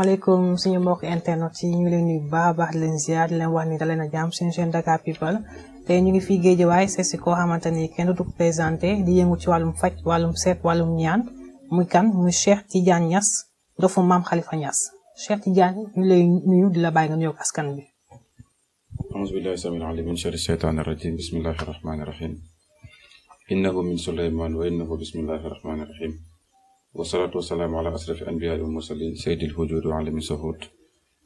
asalaamaaleykum suñu mbokk internet yi ñu leen nuyu baax baax leen ziar di leen wax ni da leen a jàmm suñu chaîne Dakar People te ñu ngi fi géej waaye si koo xamante ni kenn du ko présenté di yëngu ci wàllum faj wàllum seet wàllum ñaan mu kan muy Cheikh Tidiane Niass dofu maam Khalifa Niass Cheikh Tidiane ñu lay nuyu di la bàyyi nga nuyoog askan bi auzu billahi samil alim min sharri shaytaani rajim bismillahi rahmaani wasalaatu wasalaamu ala asrafi anbiyaai wa mursalin sayyidil wujuud wa alami safut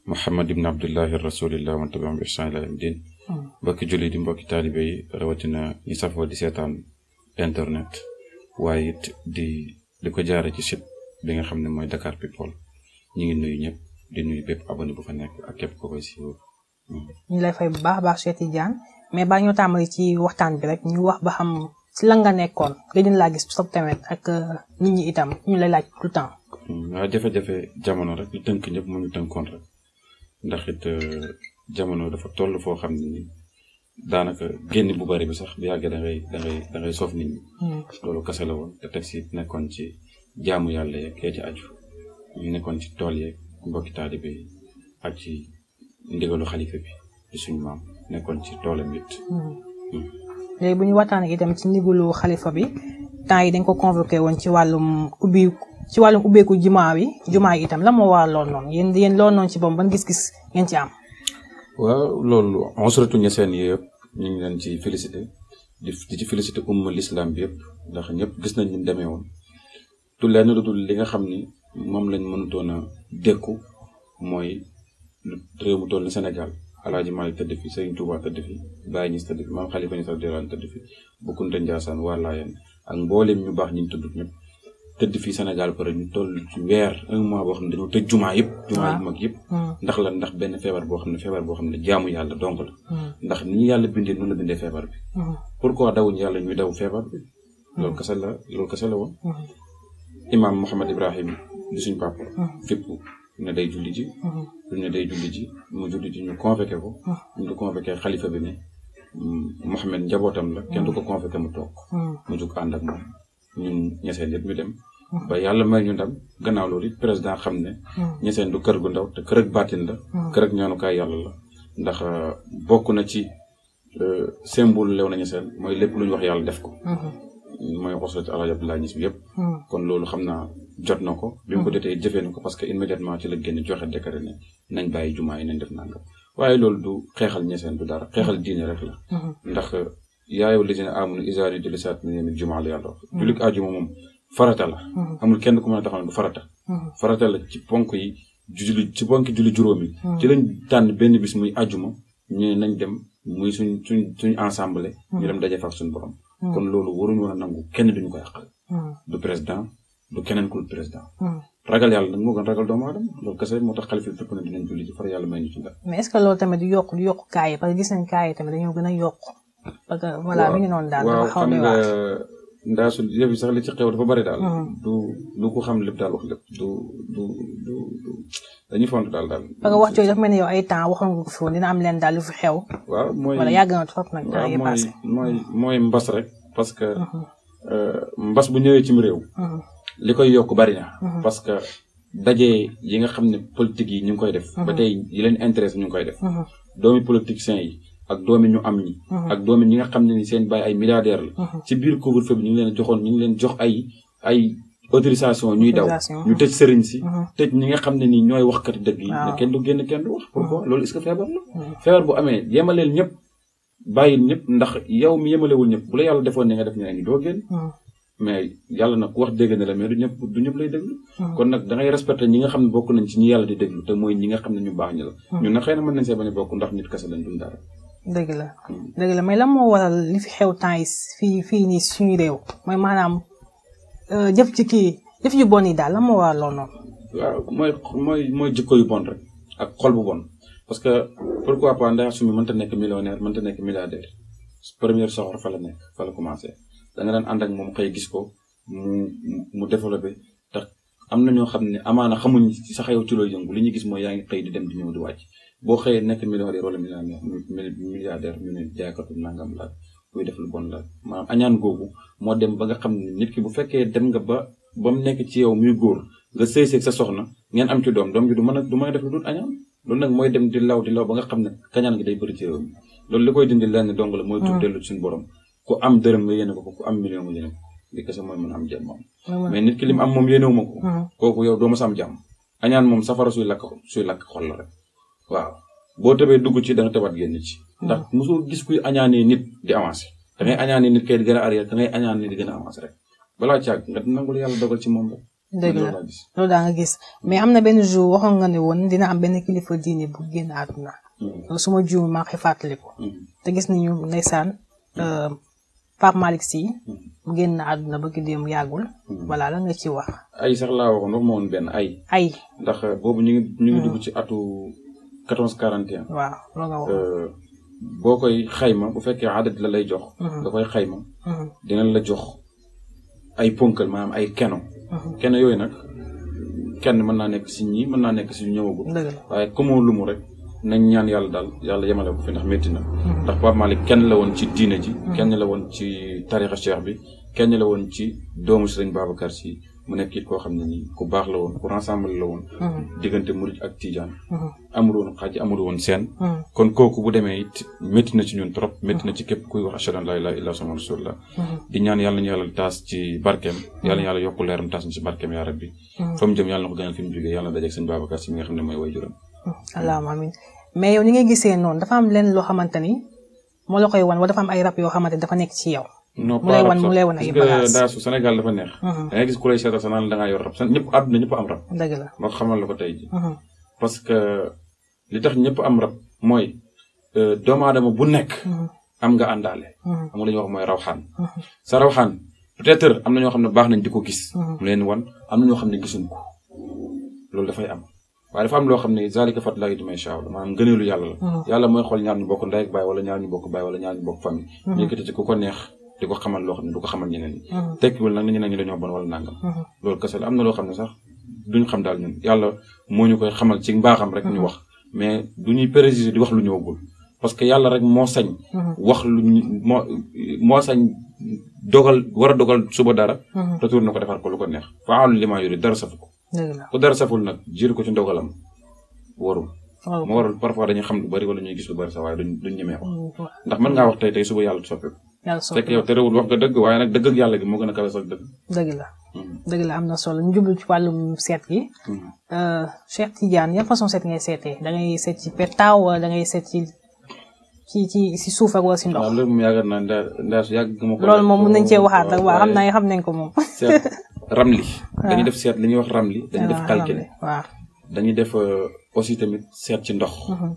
muhammad ibn abdullahi rasulillah wa tabiam bi ihsan ila yawmi din mbokki julli di mbokki taalibe yi ñi safoo di seetaan internet waaye it di di ko jaare ci site bi nga xam ne mooy Dakar People ñu ngi nuyu ñëpp di nuyu bépp abonné bu fa nekk ak ko koy siiw ñu lay fay baax baax Cheikh Tidiane mais ba ñoo tàmbali ci waxtaan bi rek ñu wax ba xam si lan nga nekkoon nga dina laa gis sa tamit ak euh, nit ñi itam ñu lay laaj tout le jamono rek ñu tënk ñëpp mu ñu tënkoon rek ndax it euh, jamono dafa toll foo xam ne nii daanaka génn bu bari bi sax bu yàggee da ngay da ngay da ngay soof nit ñi. Hmm. loolu kese la woon te teg nekkoon ci jaamu yàlla yeeg kee ci aju nekkoon ci tool yeeg mbokki bi yi ak ci ndigalu xalifa bi di maam nekkoon ci toolam hmm. it. Hmm. léegi bu ñu waxtaan ak itam ci ndigalu xalifa bi temps yi dañ ko convoqué woon ci wàllum ubbi ci wàllum ubbeeku jumaa yi jumaa yi itam la moo waral lool noonu yéen yéen lool noonu ci boobu ban gis-gis ngeen ci am. waaw loolu on se retourne seen ñu ngi leen ci félicité di ci félicité umma l'islam bi yëpp ndax ñëpp gis nañ ni demee woon du lenn lu dul li nga xam ni moom lañ mënutoon a dékku mooy réew mu toll ni Sénégal. alaaji Maalik tëdd fi Serigne Touba tëdd fi Baye Niass ñu baax ñu tudd ñëpp tëdd fii Sénégal pare ñu toll ci weer un mois boo xam ne dañoo tëj jumaa yëpp jumaa yu mag yëpp hmm. ndax la ndax benn feebar boo xam ne feebar boo xam ne jaamu yàlla donc la hmm. ndax ni ñu yàlla bindee noonu la bindee feebar bi hmm. pourquoi dawuñu yàlla ñuy daw feebar bi loolu kese la loolu kese la woon imaam Mouhamed Ibrahim di suñ papa fépp ne day julli ji. Uh-huh. duñ ne day julli ji mu julli ji ñu convoqué ko. Uh-huh. ñu ko convoqué xalifa bi ne mm, Mouhamed njabootam la kenn du ko uh-huh. convoqué mu toog. mu jug ànd ak moom ñun ñeseen yëpp ñu dem. ba yàlla may ñu ndam gannaaw loolu it président xam ne. ñeseen du kër gu ndaw te kër ak la. kër ak ñaanukaay yàlla la ndax euh, bokk na ci euh, symbole lew na ñeseen mooy lépp lu ñu wax yàlla def ko. mooy xoslet El Hadj Abdoulaye Niass bi yëpp. kon loolu xam naa jot na ko. bi mu ko hmm. jotee jëfee na ko parce que immédiatement ci la génn joxe décret ne nañ bàyyi jumaa yi nañ def nangam waaye loolu du xeexal ñeseen du dara xeexal hmm. diine rek la. Hmm. ndax yaayu li si de lisaat mi ne jumaa la yàlla wax. jullit àjjuma moom farata la. amul kenn ku mën a taxaw du farata. farata la ci ponk yi julli juróomi. ci lañ tànn benn bis muy àjjuma ñu nañ dem muy suñ suñ ensemble. ñu dem daje fa ak kon loolu waruñu woon a nangu kenn duñu ko yàqal. du président. du keneen ku président. Hmm. ragal yàlla nag moo gën ragal doomu aadama loolu kese moo tax xalifa tëpp na dinañ may ñu ci mais est que loolu tamit du yokk du yokk kaay yi tamit a yokk. parce daal. sax li ci xew dafa bari hmm. du du ko xam lépp daal wax lépp du du du du dañuy font daal daal. parce wax jooju dafa mel ni yow ay temps waxoon fi am leen daal lu fi xew. waaw mooy wala yàgg na trop nag. temps yi passé rek parce que hmm. euh, mbas bu ñëwee cim réew li koy yokk bari mhm. parce que dajee yi nga xam ne politique yi ñu ngi koy def. Mhm. ba tey yi leen intéresse ñu ngi koy def. Mhm. doomi politiciens yi ak doomi ñu am ñi. ak doomi ñi nga xam ne ni seen bàyyi ay milliardaires la. ci biir couvre-feu bi ñu ngi leen joxoon ñu ngi leen jox ay ay. ñuy daw ñu tëj sëriñ si tëj ñi nga xam ne nii ñooy waxkati dëgg yi kenn du génn kenn du wax pourquoi loolu est que feebar bu amee yemaleel ñëpp bàyyil ñëpp ndax yow mi yemalewul ñëpp bu la yàlla defoon ni nga def ñeneen ñi doo mais yàlla nag ku wax dégg na la mais du ñëpp du ñëpp lay déglu ah. kon nag da ngay respecté ñi nga xam ne bokk nañ ci ñi yàlla di déglu te mooy ñi nga xam ne ñu baax ñi la ah. ñun nag xëy na mën nañ see bañ a bokk ndax nit kese lañ duñ dara dëgg la hmm. dëgg la mais lan moo waral li fi xew temps yi fii fii nii suñu réew mooy maanaam euh, jëf ci kii jëf yu yi daal la moo waral lool noonu. waaw mooy mooy mooy jikko yu bon rek ak xol bu bon parce que pourquoi pas ndax suñu mënta nekk millionnaire mënta nekk milliardaire première soxor fa la nekk fa la danga nga daan ànd ak moom xëy gis ko mu mu développé tax am na ñoo xam ne amaana xamuñ sax yow ci looy yëngu li ñu gis mooy yaa ngi xëy di dem di ñëw di wàcc boo xëyee nekk milliardaire wala milliardaire ñu ne jaaykatu nangam laaj kuy def lu bon laaj maanaam añaan googu moo dem ba nga xam ne nit ki bu fekkee dem nga ba ba mu nekk ci yow muy góor nga sëy seeg sa soxna ngeen am ci doom doom bi du mën a a def lu dul añaan loolu nag mooy dem di law di law ba nga xam ne kañaan gi day bëri loolu li koy dindi lenn dong la mooy tur hmm. dellu suñu borom ku am dërëm nga yéene ko ko ku am million nga yéene ko li kese a am jàmm mais nit ki lim ko kooku yow doo ma am jàmm añaan moom safara suy lakk xol rek waaw boo tebee dugg ci da nga tebaat génn ci hmm. ndax mosoo gis kuy añaanee nit di avancé da ngay añaanee nit kay di gën a arrière da ngay añaanee di gën a avancé rek balaa caag nga nangul a dogal ci moom rek dëgg gis mais am na benn jour waxoon wo ne woon dina am benn kilifa diine bu génn àdduna hmm. loolu su ma jiw maa koy fàttaliku hmm. te gis nañu ndeysaan euh, Pape Malick Sy mu hmm. génn àdduna ba ki démb yàggul. Hmm. voilà la nga ci wax. ay sax laa waxoon waxuma benn ay. ay ndax euh, boobu ñu ngi. ñu ngi hmm. dugg ci atu quatorze quarante et waaw loo euh, boo koy xayma bu fekkee adat la lay jox. nga koy xayma. dina la jox ay ponkal maanaam ay keno. keno yooyu nag kenn mën naa nekk si ñii mën naa nekk ci ñëwagul. waaye comme lu rek. nañ ñaan yàlla daal yàlla yemale ko fi ndax métti na hmm. ndax Pape kenn la woon ci diine ji hmm. kenn la woon ci tarixa cheikh bi kenn la woon ci doomu Sëriñ Babacar Sy mu nekk koo xam ne nii ku baax la woon ku rassemble la woon hmm. diggante murit ak tijaan amul woon xaaj amul woon seen kon kooku bu demee it métti na ci ñun trop métti na ci képp kuy wax ashhadu an laa ilaaha illallaah sama rasulullah ñaan yàlla ñu yàlla taas ci barkeem yàlla ñu yàlla yokku leeram taas ci barkeem yaa rabbi fa mu na ko ne mooy way juram Mm-hmm. allahumma amiin mais yow ni ngay gisee noonu dafa am leen loo xamante ni moo la koy wan wala dafa am ay rap yoo xamante dafa nekk ci yow. non mu lay wan mu lay wan ay bagages daa mm-hmm. gis ku lay seetal sa da ngaa yor sa ñëpp àdduna ñëpp am rab. dëgg la moo xamal la ko tey ji mm-hmm. parce que li tax ñëpp am rab mooy euh, doomu aadama bu nekk. am nga àndaale. am nga lu ñuy mooy rawxaan. sa rawxaan peut-être am na ñoo xam ne baax nañ di ko gis. mu leen wan am na ñoo xam ne gisuñ ko loolu dafay am. waaye dafa am loo xam ne zalika fadlaahi yutiihi man yashaa maanaam gëneelu yàlla la hmm. yàlla mooy xool ñaar ñu bokk famille hmm. yëkkati ci ku ko neex di ko xamal loo xam ne du ko xamal ñeneen ñi hmm. tekkiwul wala nàngam loolu kese am na loo xam ne sax duñ xam daal ñun yàlla moo ñu koy xamal ci xam rek ñu wax mais du ñuy préciser di wax lu ñëwagul parce que yàlla rek moo sañ wax lu moo moo sañ dogal war a dogal suba dara retour na ko defar ko lu ko neex faalu li maa yuri dara safu ko ku dara saful nag jiiru ko ci ndogalam waru moo waral parfois dañuy xam lu bari wala ñuy gis lu bari sax waaye duñ duñ ñemee mm, wax ndax mën ngaa wax tey te réewul wax nga dëgg waaye nag dëgg ak yàlla gi a la mm. dëgg la am na solo ñu jublu ci wàllum seet gi mm. euh, Cheikh Tidiane seet ngay seetee da ngay seet ci petaaw wala da ngay seet ci ci ci si suuf ak wala si ndox waaw loolu moom yaakaar naa ndaa ndaa su yàgg ma ko loolu moom mën nañ cee waxaat ak xam naa xam nañ ko moom ramli. Ah. dañu def seet li ñuy wax ramli. dañuy def ah, calcul dañuy def euh, aussi tamit seet ci ndox. Mm-hmm.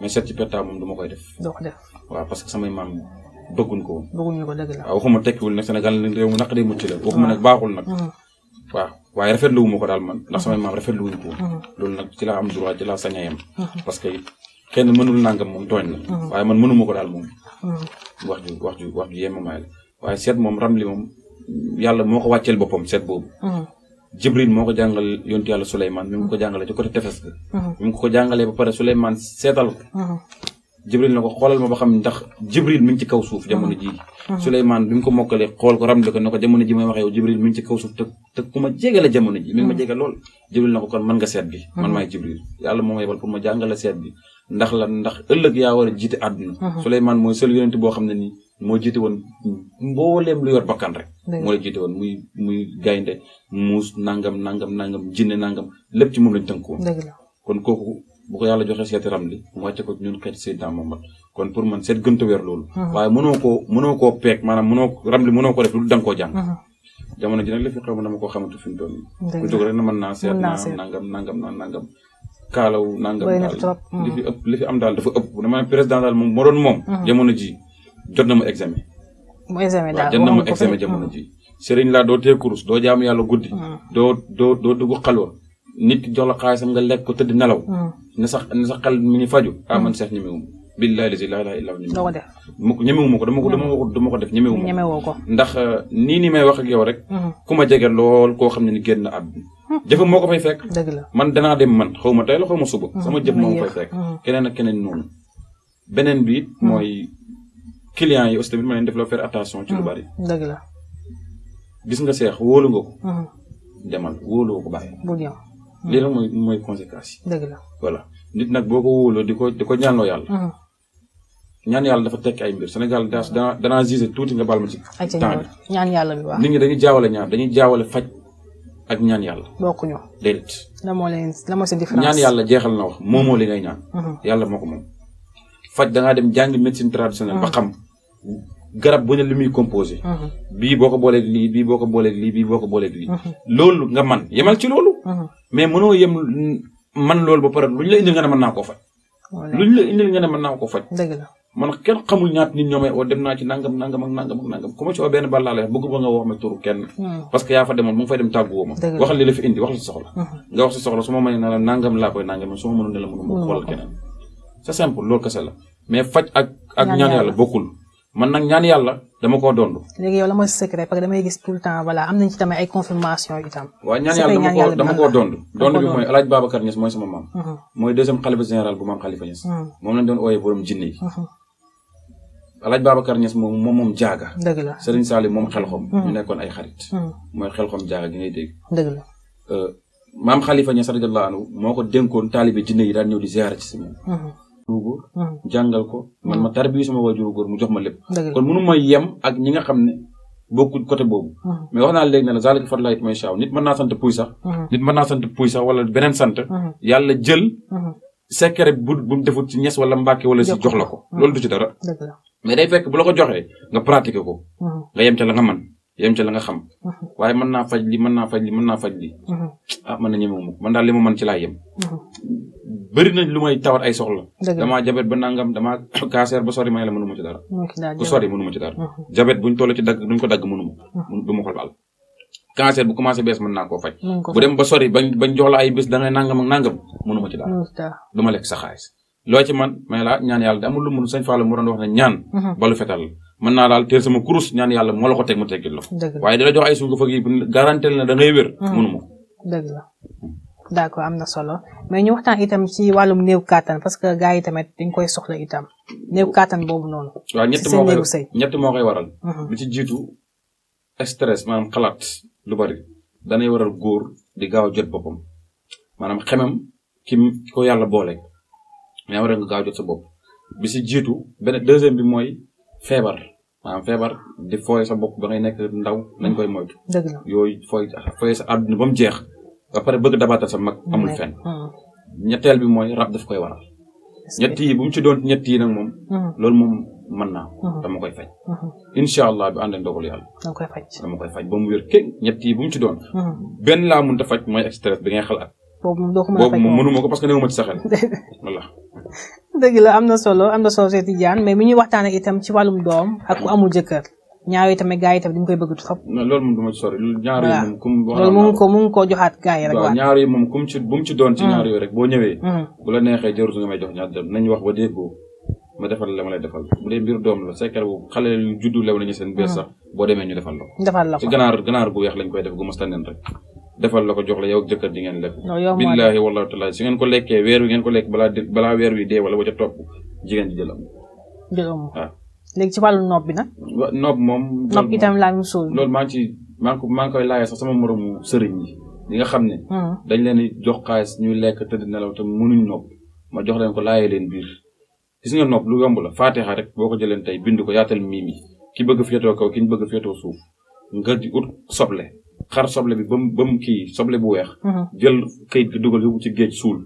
mais seet ci pétaaw moom duma koy def. waaw parce que samay maam bëgguñ ko woon. bëgguñu ko dëgg la waaw waxuma tekkiwul nag Sénégal réew mu naq day mucc la. waaw ah. waxuma nag baaxul nag. Mm-hmm. waaw waaye rafetlu wu ma ko daal man ndax samay maam rafetlu wuñ ko woon. Mm-hmm. loolu nag ci laa am droit ci laa sañ a yem. parce que kenn mënul nangam moom tooñ na waaye man mënuma ko daal moom. wax ju wax ju wax ju yemamaay la waaye seet moom ramli moom. yàlla moo ko wàcceel boppam seet boobu. Mm-hmm. Jibril moo ko jàngal yontu yàlla Souleymane mi ngi ko jàngalee ci côté Tefes. Mm-hmm. mi ngi ko jàngalee ba pare Souleymane ko. Mm-hmm. Jibril na ma ba xam ndax Jibril mi ngi ci kaw suuf jamono jii. Souleymane bi mu ko mokkalee xool ko ramle ko ne ko jamono ji may wax yow ma jege la jamono ji. mi ngi ma jege lool Jibril na ko kon mën nga seet bi. man maay Jibril yàlla moo ma yebal pour ma jàngale seet bi ndax la ndax ëllëg yaa war a jiite àdduna. Souleymane mooy seul yonent boo xam ne nii. moo jiite woon mbooleem lu yor bakkan rek. moo la woon muy muy gaynde muus nangam nangam nangam jinne nangam lépp ci moom lañ tënk woon. kon kooku bu ko yàlla joxee seeti ram li mu wàcce ko ñun xeet Seydina Muhammad kon pour man seet gënta weer loolu. waaye mënoo koo mënoo koo peeg maanaam mënoo ram li mënoo ko def lu danga koo jàng. jamono ji nag li fi xaw ma dama koo xamante fi mu toll nii. ku jóg rek na mën naa seet naa nangam nangam naa kaalaw nangam daal li fi am daal dafa ëpp na ne président daal moo doon jot na mu examen. mu examen daal jot na mu examen jamono ji. sëriñ la doo tee doo jaamu yàlla guddi. Mm. doo doo doo dugg xalwa nit jox la xaalisam nga lekk ko tëdd nelaw. Mm. na sax na sax xel mi ngi faju a ah, man seex ñemewuma. billahi lazi laa ilaaha illa huwa ñemewuma ko dama ko dama ko dama ko def ñemewuma. ndax ah, nii ni may wax ak yow rek. Mm. ku ma jege lool koo xam ne ni génn àdduna. jëfam moo ko fay fekk. dëgg la man danaa dem man xaw ma tey la xaw ma suba. sama jëf moo ko fay fekk. keneen ak keneen noonu. beneen bi mooy. clients yi aussi tamit ma leen def la attention. ci lu hmm. bari. dëgg la. gis nga seex wóolu nga ko. Hmm. demal wóolu ko bàyyi. bu ñëw hmm. lii nag mooy mooy conséquence yi. nag boo ko wóoloo di ko di ko ñaanloo yàlla. ñaan yàlla dafa tekki ay mbir Sénégal daa danaa danaa gisé tuuti nga baal ma ci. temps bi ñaan yàlla bi waaw. nit ñi dañuy jaawale ñaar dañuy jaawale faj ak ñaan yàlla. bokkuñu déedéet. la moo leen la moo seen ñaan yàlla jeexal na wax moomoo li ngay ñaan. yàlla moo moom. faj da dem jàngi médecine traditionnelle. ba ah. xam garab boo ne li muy composé. Ah. bii boo ko booleeg lii bii boo ko booleeg lii bii boo ko booleeg lii. Ah. loolu nga man yemal ci loolu. mais mënoo yem man la indil nga ci nangam ma oo benn bal laa lay bëgg ba nga wax ma turu kenn. Hmm. parce que yaa fa demoon mu ngi fay dem tàgguwoo ma. xoolal keneen c'est simple loolu kese la mais faj ak ak ñaan yàlla bokkul man nag ñaan yàlla dama koo dondu léegi yow la mooy secret parce que damay gis tout le temps voilà am nañ ci tamit ay confirmation yu tam waaw ñaan yàlla dama koo dondu dondu bi mooy alaaj Babacar Niass mooy sama maam mm-hmm. mooy bu maam mm-hmm. moom mm-hmm. moom moom moom jaaga dëgg la Serigne Saliou moom xelxom ñu nekkoon ay xarit mooy xelxom jaaga gi ngay dégg dëgg la euh, maam Khalifa Niass radiyallahu anhu moo ko dénkoon taalibe jinne yi daan ñëw di ziyaara ci si moom góor hmm. jàngal ko man hmm. ma tarbiyu sama waajur góor mu jox ma lépp kon mënu ma yem ak ñi nga xam ne bokkul côté boobu hmm. mais wax naa léegi ne la zalika fadlaa it may shaaw nit mën naa sant puy sax nit mën naa sant puy sax wala beneen sant yàlla jël secret bu bu mu defut ci ñes wala mbàkke si jox ko loolu du ci dara mais day fekk bu la joxee nga pratiquer ko nga yem ca man yem ca la nga xam. Mhm. waaye man naa faj li man naa faj li mën naa faj li mhm. ah mën na ñemewuma man daal li man ci laa yem. Mhm. bëri na lu may tawat ay soxla. damaa jabet ba nangam damaa cancer ba sori may la mënuma ci dara. ku sori mënuma ci dara. jabet buñ toll ci dagg duñ ko dagg mënuma. du ma xool baal. cancer bu commencé bees man naa koo faj. bu dem ba sori ba bañ jox la ay bés da ngay nangam ak nangam mënuma ci dara. du ma lekk sa xaalis. loo ci man may laa ñaan yàlla de amul lu mënu sëñ Fallou mu doon wax ne ñaan. balu fetal mën naa daal teel sama kurus ñaan yàlla moo la ko teg ma teggil la ko. waaye dala jox ay suuf fa gi na da ngay wér. Mm-hmm. mënuma dëgg la d'accord am na solo mais ñu waxtaan itam ci wàllum néew kàttan parce que gars yi tamit dañ koy soxla itam néew kàttan boobu noonu. waaw ñett moo koy ñett moo koy waral. Mm-hmm. li ci jiitu stress maanaam xalaat lu bari danay waral góor di gaaw jot boppam maanaam xemam ki ko yàlla boole yaa waral nga gaaw jot sa bopp bi si jiitu benn deuxième bi mooy feebar. maanaam feebar di fooye sa bopp ba ngay nekk ndaw nañ koy moytu. yooyu fooy fooye sa àdduna ba mu jeex ba pare bëgg dabaatal sa mag amul fenn. Hmm. ñetteel bi mooy rab daf koy waral. ñett yi bu mu ci doon ñett yi nag moom. Hmm. loolu mën naa hmm. dama koy faj. bi ànd ndogal yàlla. koy faj ba mu wér képp ñett yi bu mu ci benn laa mënut a faj mooy stress bi ngay xalaat. boobu moom doo ko mën mënuma ko parce que néew ma ci sa dëgg la am na solo am na solo Cheikh Tidiane mais mi ñuy waxtaanee itam ci wàllum doom ak ku amul jëkkër ñaar yi tamit gars yi koy bëgg trop. loolu moom du ma ci koo joxaat gars yi rek. ñaar yi moom comme ci bu mu doon ci mm. ñaar yooyu rek boo ñëwee. Mm. bu la neexee jarul nga may jox ñaar dem nañ wax ba déggoo ma defal la ma lay defal bu dee mbir doom la sekkal bu xale juddu lew nañu seen. bees mm. sax boo demee ñu defal la ko. defal la ko ganaar ganaar bu weex lañ koy def gu mos tànneen rek defal la ko jox la yow ak jëkkër di ngeen lekk billaahi wallaahi taala si ngeen ko lekkee weer wi ngeen ko lekk balaa balaa weer wi de wala ba ca topp jigéen ji jëlam jëlam waaw ah. léegi ci wàllu nopp bi nag nopp moom nopp itam laa mu sóor maa ngi ci maa ngi sama moromu sëriñ yi nga xam ne hmm. dañ leen di jox xaalis ñuy lekk tëdd nelaw te mënuñ nopp ma jox leen ko laayee leen biir gis nga nopp lu yomb la faatixa rek boo ko jëleen tey bindu ko yaatal miim ki bëgg féetoo kaw ki ñu bëgg féetoo suuf di u soble xar soble bi ba ba mu kii soble bu weex. Mhm. jël ka gi dugal yóbbu ci géej suul.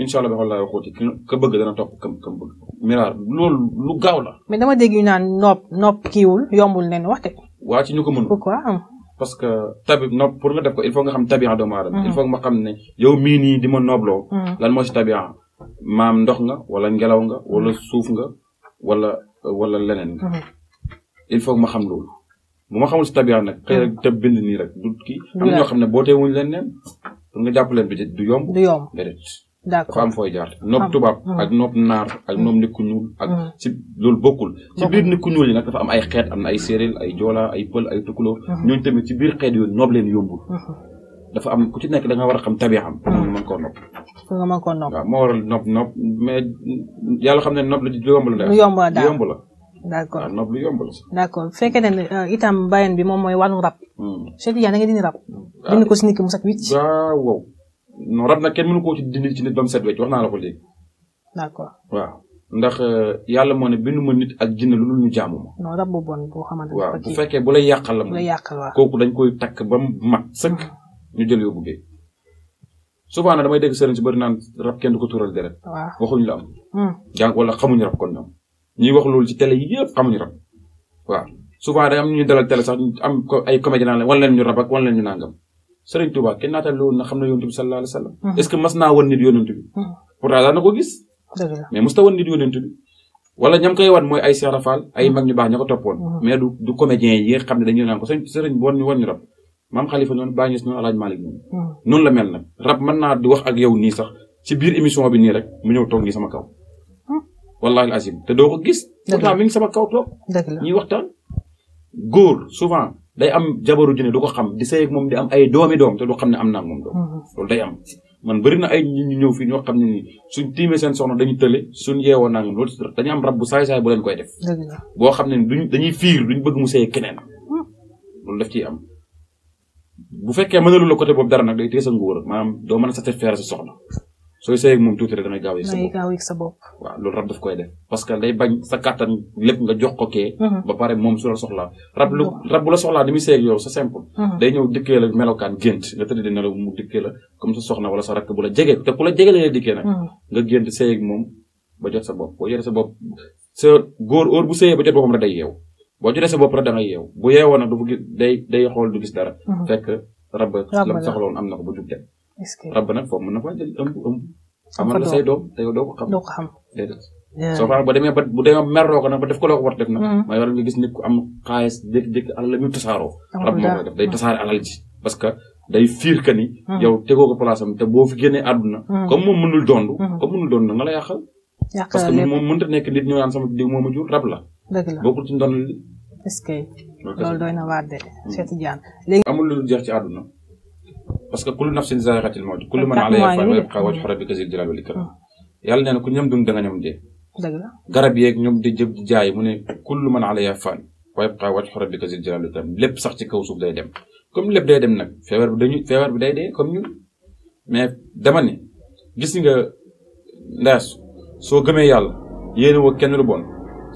incha allah dafa o waxooti ka bëgg dana topp kam kam bëgg. miraar lu gaaw la. mais dama dégg ñu naan nopp nopp kiiwul yombul leen waxte. waa ci ñu ko mënul pourquoi. parce que tabi nopp pour nga def ko il faut nga xam tabian doomu aadama. Mhm. il faut nga xam ne yow mii nii di ma noobloo. Mhm. lan moo si tabian ah, maam ndox nga wala ngelaw nga wala suuf nga wala wala nga. il faut ma xam loolu. bu ma xamul si tabiya nag xëy rek hmm. tëb bind nii rek du kii xam ne boo tee wuñ leen neen pour nga jàpp leen bi du yomb du yomb dafa am fooy jaar nopp tubaab hmm. ak nop naar ak nopp nit ku ak hmm. si loolu bokkul si biir nit ku ñuul yi nag dafa ay xeet am ay séeréer ay joola ay pël ay tukuloo ñooñu tamit ci biir xeet yooyu leen yombul dafa am ku ci nekk da war a xam tabi xam. nga mën koo nopp. nga mën koo nopp waaw moo waral nopp nopp mais yàlla xam ne nop la yomb la. yomb la daal yomb la. d' accord ah, nopp lu yomb la accord bu fekkee ne euh, itam bàyyin bi moom mooy wàllu rab. Hmm. Cheikh Tidiane da nga dindi rab. dindi hmm. ah. ko si nit ki mu set wicc. waaw non rab nag kenn mënu koo ci dindi ci nit ba mu set wicc wax naa la ko léegi. accord waaw. ndax euh, yàlla moo ne bindu ma nit ak jinne lu ñu jaamu ma. non rab bu bon boo xamante bu fekkee bu lay yàqal la moom bu lay yàqal kooku dañ koy takk ba mu mat ñu jël yóbbu bee. souvent nag damay dégg sëriñ si bëri rab kenn du ko tuural deret. waaw waxuñ la am. Hmm. jàng wala xamuñ rab kon ñoom ñuy wax loolu ci télé yi yëpp xamuñu rab waaw souvent day am ñuy dalal télé sax ay comédien naan leen wan leen ñu rab xam na yonent bi sallallahu alayhi hmm. naa wan nit yonent bi hmm. pourtant daan na ko gis mais koy wan mooy ay Cheikh Rafal ay hmm. mag ñu baax ña ko toppoon mais du du comédien xam ne dañuy naan ko sëriñ sëriñ wan ñu wan ñu rab maam Xalifa noonu Baay Ñas noonu mel nag rab mën naa di wax ak yow nii sax ci biir émission bi nii rek mu ñëw toog nii sama kaw wallahi azim te doo ko gis. pourtant mi sama kaw toog. ñuy waxtaan. góor souvent day am jabaru ne du ko xam di sëy moom di am ay doomi doom te du xam ne am naa moom doom. Mm-hmm. am man bëri na ay ñu ñëw fii ñoo xam ne nii suñ tiimee seen soxna dañuy tële suñ yeewoo naa ñoom loolu dañu am rab bu saay-saay bu leen koy def. boo xam ne duñ dañuy fiir duñ bëgg mu sëy keneen. Mm. loolu daf ciy am. bu fekkee mënalu la côté boobu dara nag day tee sa nguur maanaam doo mën a satisfaire sa soxna sooy sëyeeg moom tuuti rek dangay gaaw yëg sa bopp gaaw loolu rab daf koy def parce que day bañ sa kattan lépp nga jox ko kee mhm. ba pare moom su la soxlaa rab lu rab bu la soxlaa di muy sëyeeg yow sa mhm. day ñëw dikkee la melokaan gént nga tëdd di nelaw mu dikkee la comme sa soxna wala sa rakk bu la jege te ku la jege la dikkee nag mhm. nga gént sëyeeg moom ba jot sa bopp boo jotee sa bopp sa góor óor bu sëyee ba jot boppam rek day yeew boo jotee sa bopp rek da ngay yeew bu yeewoon nag du day day xool du gis dara fekk rab la soxloon am na ko ba jug dem est-ce nag foofu mën na faa jël ëmb ëmb. amoon na say doom te yow doo xam doo ko xam. soo ko ba demee ba bu demee merloo nag ba def ko loo ko war def nag. ma mm-hmm. gis nit ku am xaalis dëkk-dëkk alal la muy tasaaroo. rab moo koy def day tasaare alal ji parce que. day fiir ka ni. Mm-hmm. yow tegoo ko place am te boo fi génnee àdduna. Mm-hmm. comme moom mënul dondu. comme mënul dondu na nga la yàqal. yàqal parce que moom mën a nekk nit ñu naan sama diw moom a jur rab la. dëgg la bokkul ci ndonal li. Mm. amul lu jeex ci àdduna parce que kullu nafsin zaa'iqatul mawt kullu man alayhaa faan wa yabqaa wajhu rabbika zil garab yeeg ñoom di jëb di jaay mu ne kullu man alayhaa faan wa yabqaa wajhu rabbika zil jalaali wal ikraam lépp sax ci kaw suuf day dem comme lépp day dem nag feebar bi dañu feebar bi ñun mais dama ne gis ni nga ndaas soo gëmee yàlla yéene woo kenn lu bon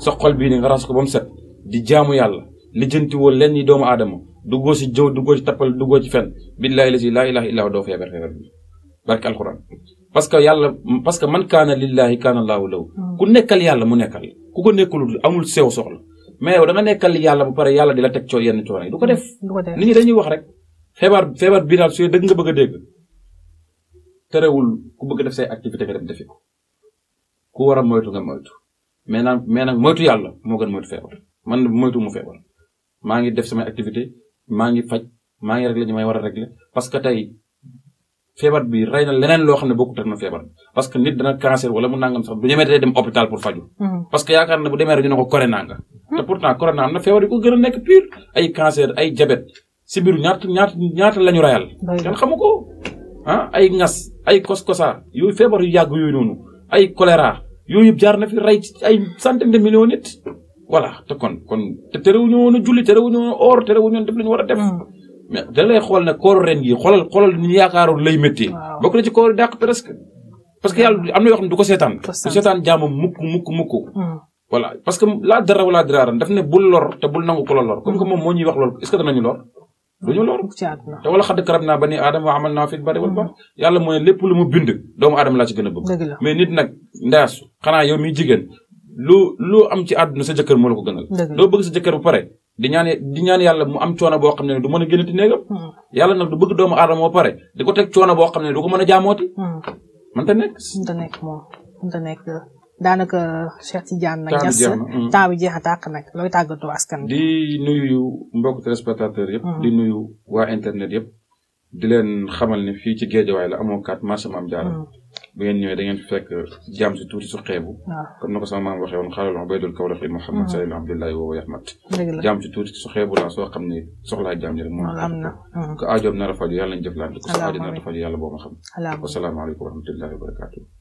sa xol bii ni nga ras ko ba mu set di jaamu yàlla lijjanti woo lenn yi doomu adama duggoo si jëw duggoo ci tappal duggoo ci fen billahi lazi laa ilaha illa doo feebar feebar bi parce que yàlla parce que man kaana lillahi kaana laahu law hmm. ku nekkal yàlla mu nekkal ku ko nekkalul amul sew soxla mais yow da nga nekkal yàlla pare yàlla di la teg coo yenn coono yi hmm. ko def nit ñi dañuy wax rek feebar feebar bi daal su dëgg nga bëgg a dégg terewul ku bëgg def say activité nga dem defi ko ku war a moytu nga moytu mais nag mais nag moytu yàlla moo gën moytu feebar man moytu mu feebar maa ngi def samay activité maa ngi faj maa ngi réglé ñu may war a réglé parce que tey feebar bi rey na leneen loo xam ne bokkut ak na feebar parce que nit dana cancer wala mu nangam sax du ñemetee dem hôpital pour faju hmm. parce que yaakaar na bu demee rek ñu ne ko corona nga hmm. am na feebar yu gën a nekk pur ay cancer ay jabet si biir ñaata ñaata la ñu rayal kenn xamu ko ah ay ngas ay kos-kosa yooyu feebar yu yàgg yooyu noonu ay choléra yooyu yëpp jaar na fi rey ay centaine de millions nit voilà te kon kon te terewuñu woon a julli terewuñu woon a or terewuñu woon def lañu war a def. Hmm. xool ne kooru ren gi xoolal xoolal ñu yaakaaroon lay métti. waaw bokk na ci koor yi dàq presque. parce que yàlla am na yoo xam hmm. laa dara wala dara daf ne bul lor te bul nangu ko la lor. Hmm. moom moo ñuy wax loolu est-ce que danañu lor. duñu lor te wala xadd karab naa ba ni aadama wa amal naa fi bari wal ba yàlla mooy lépp lu mu bind doomu aadama laa ci gën a bëgg mais nit nag ndaas xanaa yow miy jigéen lu lu am ci àdduna sa jëkkër moo la ko gënal. loo bëg sa jëkkër bu pare di ñaan di ñaan yàlla mu am coono boo xam ne du mën a génnati néegam. Hmm. yàlla nag du bëgg doomu aadama ba pare di ko teg coono boo xam ne du ko mën a jaamooti. Hmm. mën ta nekk. mën ta nekk moom mën ta nekk daanaka Cheikh Tidiane nag. temps bi jeex hmm. a tàq nag looy tàggatoo askan di nuyu mbokk téléspectateur yëpp. di nuyu waa internet yëpp. di leen xamal ne fii ci géejawaay la amoo kaat ma am Jaara bu ngeen ñëwee da ngeen fekk jaam si tuuti su xeebu comme a ko sama maam waxee woon xaalal ubaydul kawlaxi muhammad salim abdullahi woowa yaxmat jaam si tuuti su xeebu laa soo xam ne soxlaa jaam ñi rek mu am na ko aajoom nar a faju yàlla nañ jëflante ko sa aajo nar a faju yàlla boo ma xam wasalaamaaleykum wa rahmatullahi wa barakatuh